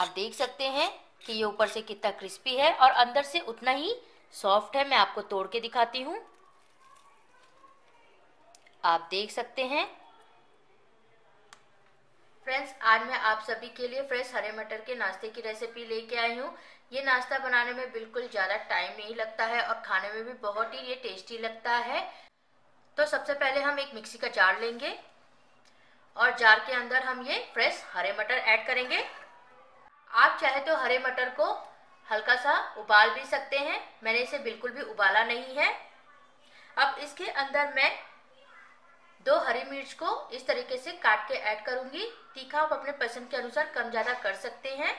आप देख सकते हैं कि ये ऊपर से कितना क्रिस्पी है और अंदर से उतना ही सॉफ्ट है मैं आपको तोड़ के दिखाती हूँ आप देख सकते हैं फ्रेंड्स आज मैं आप सभी के लिए फ्रेश हरे मटर के नाश्ते की रेसिपी लेके आई हूँ ये नाश्ता बनाने में बिल्कुल ज़्यादा टाइम नहीं लगता है और खाने में भी बहुत ही ये टेस्टी लगता है तो सबसे पहले हम एक मिक्सी का जार लेंगे और जार के अंदर हम ये फ्रेश हरे मटर ऐड करेंगे आप चाहे तो हरे मटर को हल्का सा उबाल भी सकते हैं मैंने इसे बिल्कुल भी उबाला नहीं है अब इसके अंदर मैं दो हरी मिर्च को इस तरीके से काट के ऐड करूंगी तीखा आप अपने पसंद के अनुसार कम ज़्यादा कर सकते हैं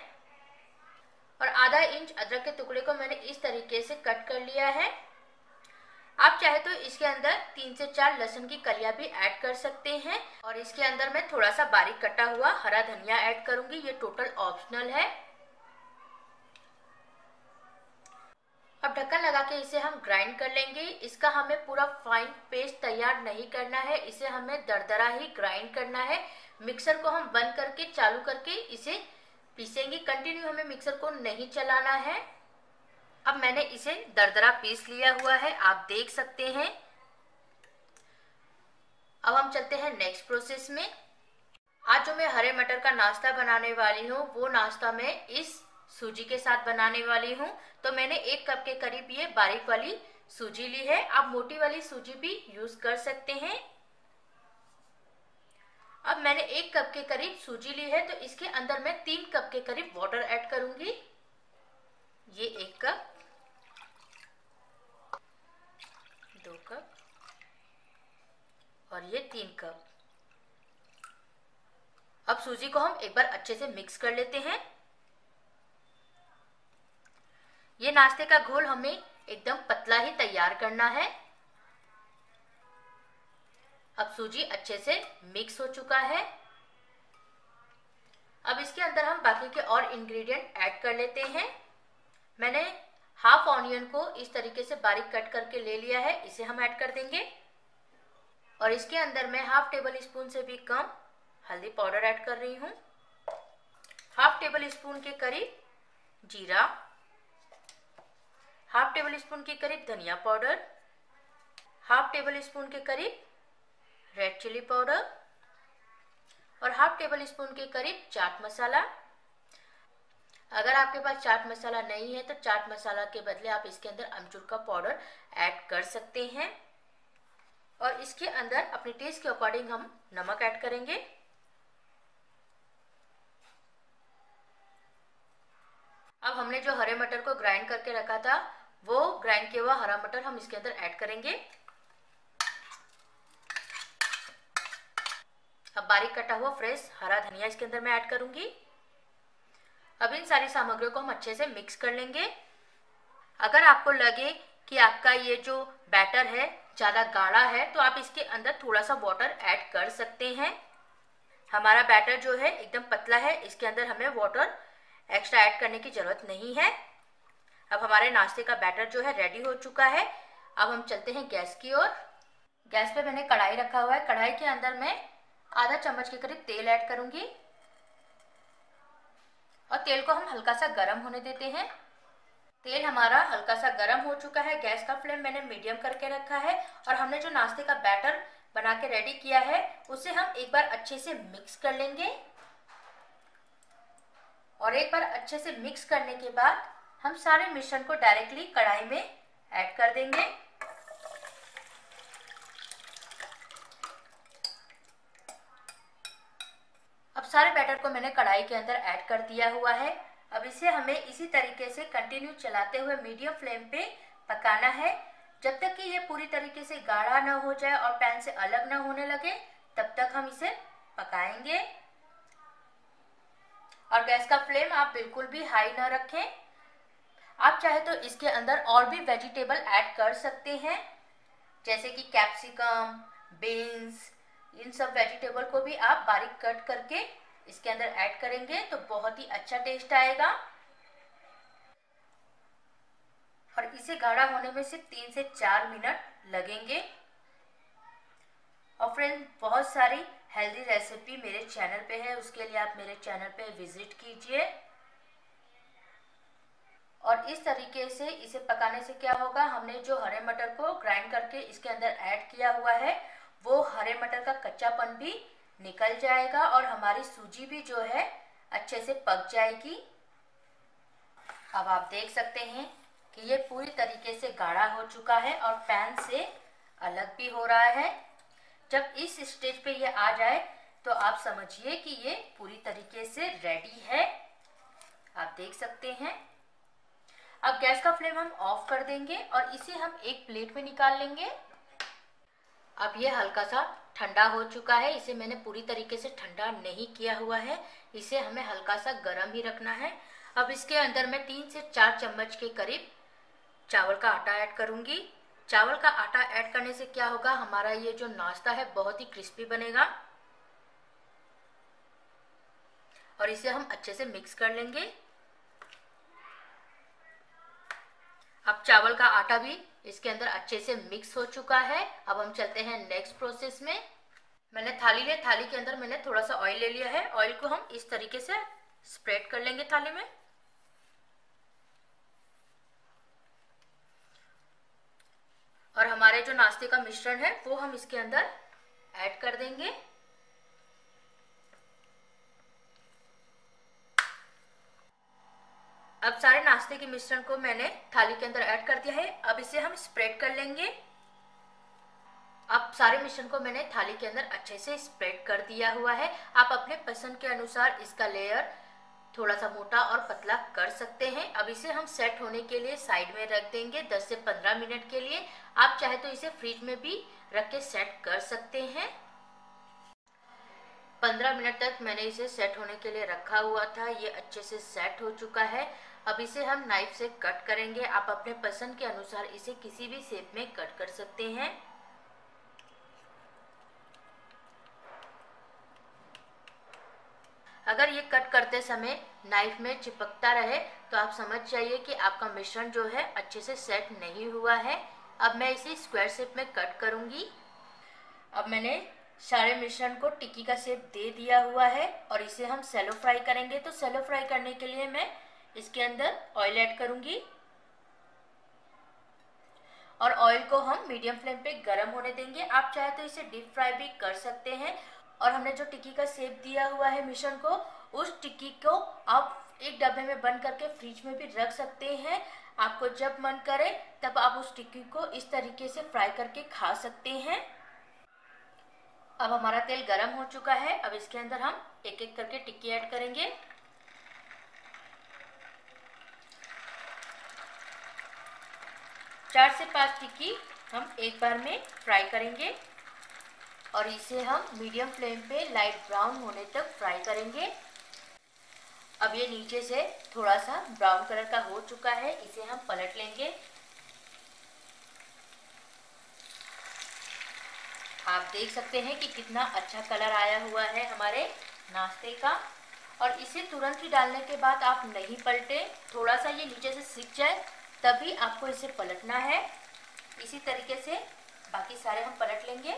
और आधा इंच अदरक के टुकड़े को मैंने इस तरीके से कट कर लिया है आप चाहे तो इसके अंदर तीन से चार लहसुन की कलिया भी ऐड कर सकते हैं और इसके अंदर मैं थोड़ा सा बारीक कटा हुआ हरा धनिया ऐड करूंगी ये टोटल ऑप्शनल है अब ढक्कन लगा के इसे हम ग्राइंड कर लेंगे इसका हमें पूरा फाइन पेस्ट तैयार नहीं करना है इसे हमें दरदरा ही ग्राइंड करना है मिक्सर को हम बंद करके चालू करके इसे पीसेंगे कंटिन्यू हमें मिक्सर को नहीं चलाना है अब मैंने इसे दरदरा पीस लिया हुआ है आप देख सकते हैं अब हम चलते हैं नेक्स्ट प्रोसेस में आज जो मैं हरे मटर का नाश्ता बनाने वाली हूँ वो नाश्ता मैं इस सूजी के साथ बनाने वाली हूँ तो मैंने एक कप के करीब ये बारीक वाली सूजी ली है आप मोटी वाली सूजी भी यूज कर सकते हैं अब मैंने एक कप के करीब सूजी ली है तो इसके अंदर मैं तीन कप के करीब वाटर ऐड करूंगी ये एक कप दो कप और ये तीन कप अब सूजी को हम एक बार अच्छे से मिक्स कर लेते हैं ये नाश्ते का घोल हमें एकदम पतला ही तैयार करना है अब सूजी अच्छे से मिक्स हो चुका है अब इसके अंदर हम बाकी के और इंग्रेडिएंट ऐड कर लेते हैं मैंने हाफ ऑनियन को इस तरीके से बारीक कट करके ले लिया है इसे हम ऐड कर देंगे और इसके अंदर मैं हाफ टेबल स्पून से भी कम हल्दी पाउडर ऐड कर रही हूँ हाफ टेबल स्पून के करीब जीरा हाफ टेबल स्पून के करीब धनिया पाउडर हाफ टेबल स्पून के करीब रेड चिली पाउडर और हाफ टेबल स्पून के करीब चाट मसाला अगर आपके पास चाट मसाला नहीं है तो चाट मसाला के बदले आप इसके अंदर अमचूर का पाउडर ऐड कर सकते हैं और इसके अंदर अपने टेस्ट के अकॉर्डिंग हम नमक ऐड करेंगे अब हमने जो हरे मटर को ग्राइंड करके रखा था वो ग्राइंड किया हुआ हरा मटर हम इसके अंदर ऐड करेंगे अब बारीक कटा हुआ फ्रेश हरा धनिया इसके अंदर मैं ऐड करूंगी अब इन सारी सामग्रियों को हम अच्छे से मिक्स कर लेंगे अगर आपको लगे कि आपका ये जो बैटर है ज़्यादा गाढ़ा है तो आप इसके अंदर थोड़ा सा वाटर ऐड कर सकते हैं हमारा बैटर जो है एकदम पतला है इसके अंदर हमें वाटर एक्स्ट्रा ऐड करने की ज़रूरत नहीं है अब हमारे नाश्ते का बैटर जो है रेडी हो चुका है अब हम चलते हैं गैस की ओर गैस पे मैंने कढ़ाई रखा हुआ है कढ़ाई के अंदर मैं आधा चम्मच के करीब तेल ऐड करूंगी और तेल को हम हल्का सा गर्म होने देते हैं तेल हमारा हल्का सा गर्म हो चुका है गैस का फ्लेम मैंने मीडियम करके रखा है और हमने जो नाश्ते का बैटर बना के रेडी किया है उसे हम एक बार अच्छे से मिक्स कर लेंगे और एक बार अच्छे से मिक्स करने के बाद हम सारे मिश्रण को डायरेक्टली कढ़ाई में ऐड कर देंगे सारे बैटर को मैंने कढ़ाई के अंदर ऐड कर दिया हुआ है अब इसे हमें इसी तरीके से कंटिन्यू चलाते हुए मीडियम फ्लेम पे पकाना है जब तक कि ये पूरी तरीके से गाढ़ा ना हो जाए और पैन से अलग ना होने लगे तब तक हम इसे पकाएंगे और गैस का फ्लेम आप बिल्कुल भी हाई ना रखें आप चाहे तो इसके अंदर और भी वेजिटेबल ऐड कर सकते हैं जैसे कि कैप्सिकम बीन्स इन सब वेजिटेबल को भी आप बारीक कट करके इसके अंदर ऐड करेंगे तो बहुत ही अच्छा टेस्ट आएगा और इसे गाढ़ा होने में सिर्फ तीन से चार मिनट लगेंगे और फ्रेंड बहुत सारी हेल्दी रेसिपी मेरे चैनल पे है उसके लिए आप मेरे चैनल पे विजिट कीजिए और इस तरीके से इसे पकाने से क्या होगा हमने जो हरे मटर को ग्राइंड करके इसके अंदर ऐड किया हुआ है वो हरे मटर का कच्चापन भी निकल जाएगा और हमारी सूजी भी जो है अच्छे से पक जाएगी अब आप देख सकते हैं कि ये पूरी तरीके से गाढ़ा हो चुका है और पैन से अलग भी हो रहा है जब इस स्टेज पे ये आ जाए तो आप समझिए कि ये पूरी तरीके से रेडी है आप देख सकते हैं अब गैस का फ्लेम हम ऑफ कर देंगे और इसे हम एक प्लेट में निकाल लेंगे अब ये हल्का सा ठंडा हो चुका है इसे मैंने पूरी तरीके से ठंडा नहीं किया हुआ है इसे हमें हल्का सा गर्म ही रखना है अब इसके अंदर मैं तीन से चार चम्मच के करीब चावल का आटा ऐड करूंगी चावल का आटा ऐड करने से क्या होगा हमारा ये जो नाश्ता है बहुत ही क्रिस्पी बनेगा और इसे हम अच्छे से मिक्स कर लेंगे अब चावल का आटा भी इसके अंदर अच्छे से मिक्स हो चुका है अब हम चलते हैं नेक्स्ट प्रोसेस में मैंने थाली ले थाली के अंदर मैंने थोड़ा सा ऑयल ले लिया है ऑयल को हम इस तरीके से स्प्रेड कर लेंगे थाली में और हमारे जो नाश्ते का मिश्रण है वो हम इसके अंदर ऐड कर देंगे अब सारे नाश्ते के मिश्रण को मैंने थाली के अंदर ऐड कर दिया है अब इसे हम स्प्रेड कर लेंगे अब सारे मिश्रण को मैंने थाली के अंदर अच्छे से स्प्रेड कर दिया हुआ है आप अपने पसंद के अनुसार इसका लेयर थोड़ा सा मोटा और पतला कर सकते हैं अब इसे हम सेट होने के लिए साइड में रख देंगे 10 से 15 मिनट के लिए आप चाहे तो इसे फ्रिज में भी रख के सेट कर सकते हैं 15 मिनट तक मैंने इसे सेट होने के लिए रखा हुआ था ये अच्छे से सेट हो चुका है अब इसे हम नाइफ से कट करेंगे आप अपने पसंद के अनुसार इसे किसी भी शेप में कट कर सकते हैं अगर ये कट करते समय नाइफ में चिपकता रहे तो आप समझ जाइए कि आपका मिश्रण जो है अच्छे से सेट नहीं हुआ है अब मैं इसे स्क्वायर शेप में कट करूंगी अब मैंने सारे मिश्रण को टिक्की का शेप दे दिया हुआ है और इसे हम सेलो फ्राई करेंगे तो सेलो फ्राई करने के लिए मैं इसके अंदर ऑयल ऐड करूंगी और ऑयल को हम मीडियम फ्लेम पे गर्म होने देंगे आप चाहे तो इसे डीप फ्राई भी कर सकते हैं और हमने जो टिक्की का सेप दिया हुआ है मिश्रण को उस टिक्की को आप एक डब्बे में बंद करके फ्रिज में भी रख सकते हैं आपको जब मन करे तब आप उस टिक्की को इस तरीके से फ्राई करके खा सकते हैं अब हमारा तेल गर्म हो चुका है अब इसके अंदर हम एक एक करके टिक्की ऐड करेंगे चार से पांच टिक्की हम एक बार में फ्राई करेंगे और इसे हम मीडियम फ्लेम पे लाइट ब्राउन होने तक फ्राई करेंगे अब ये नीचे से थोड़ा सा ब्राउन कलर का हो चुका है इसे हम पलट लेंगे आप देख सकते हैं कि कितना अच्छा कलर आया हुआ है हमारे नाश्ते का और इसे तुरंत ही डालने के बाद आप नहीं पलटे थोड़ा सा ये नीचे से सीख जाए तभी आपको इसे पलटना है इसी तरीके से बाकी सारे हम पलट लेंगे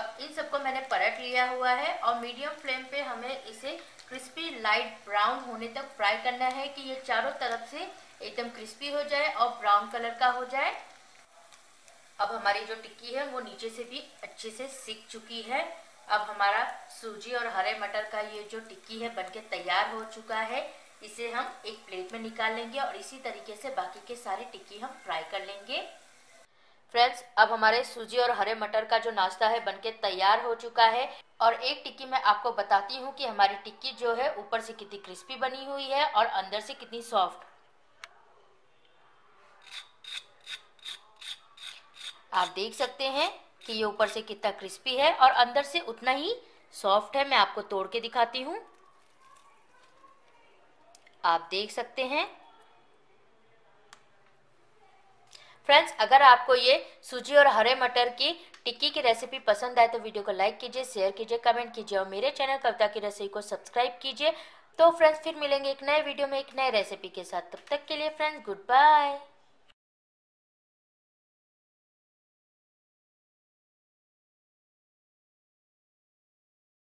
अब इन सबको मैंने पलट लिया हुआ है और मीडियम फ्लेम पे हमें इसे क्रिस्पी लाइट ब्राउन होने तक फ्राई करना है कि ये चारों तरफ से एकदम क्रिस्पी हो जाए और ब्राउन कलर का हो जाए अब हमारी जो टिक्की है वो नीचे से भी अच्छे से सीख चुकी है अब हमारा सूजी और हरे मटर का ये जो टिक्की है बनके तैयार हो चुका है इसे हम एक प्लेट में निकाल लेंगे और इसी तरीके से बाकी के सारे टिक्की हम फ्राई कर लेंगे फ्रेंड्स अब हमारे सूजी और हरे मटर का जो नाश्ता है बनके तैयार हो चुका है और एक टिक्की मैं आपको बताती हूँ कि हमारी टिक्की जो है ऊपर से कितनी क्रिस्पी बनी हुई है और अंदर से कितनी सॉफ्ट आप देख सकते हैं कि ये ऊपर से कितना क्रिस्पी है और अंदर से उतना ही सॉफ्ट है मैं आपको तोड़ के दिखाती हूँ आप देख सकते हैं फ्रेंड्स अगर आपको ये सूजी और हरे मटर की टिक्की की रेसिपी पसंद आए तो वीडियो को लाइक कीजिए शेयर कीजिए कमेंट कीजिए और मेरे चैनल कविता की रसोई को सब्सक्राइब कीजिए तो फ्रेंड्स फिर मिलेंगे एक नए वीडियो में एक नए रेसिपी के साथ तब तक के लिए फ्रेंड्स गुड बाय